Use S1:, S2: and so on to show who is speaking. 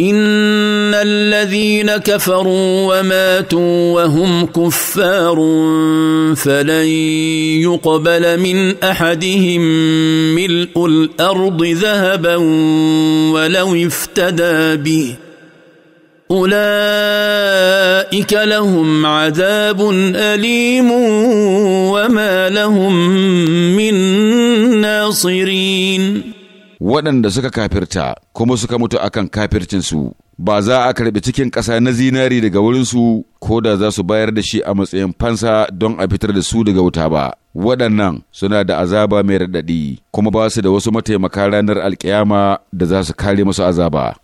S1: ان الذين كفروا وماتوا وهم كفار فلن يقبل من احدهم ملء الارض ذهبا ولو افتدى به اولئك لهم عذاب
S2: اليم وما لهم من
S3: ناصرين waɗanda suka kafirta kuma suka mutu akan kafircinsu ba za a karɓi cikin ƙasa na zinari daga wurinsu ko da za su bayar da shi a matsayin fansa don a fitar da su daga wuta ba waɗannan suna da azaba mai raɗaɗi kuma ba su da wasu mataimaka ranar alƙiyama da za su kare masu azaba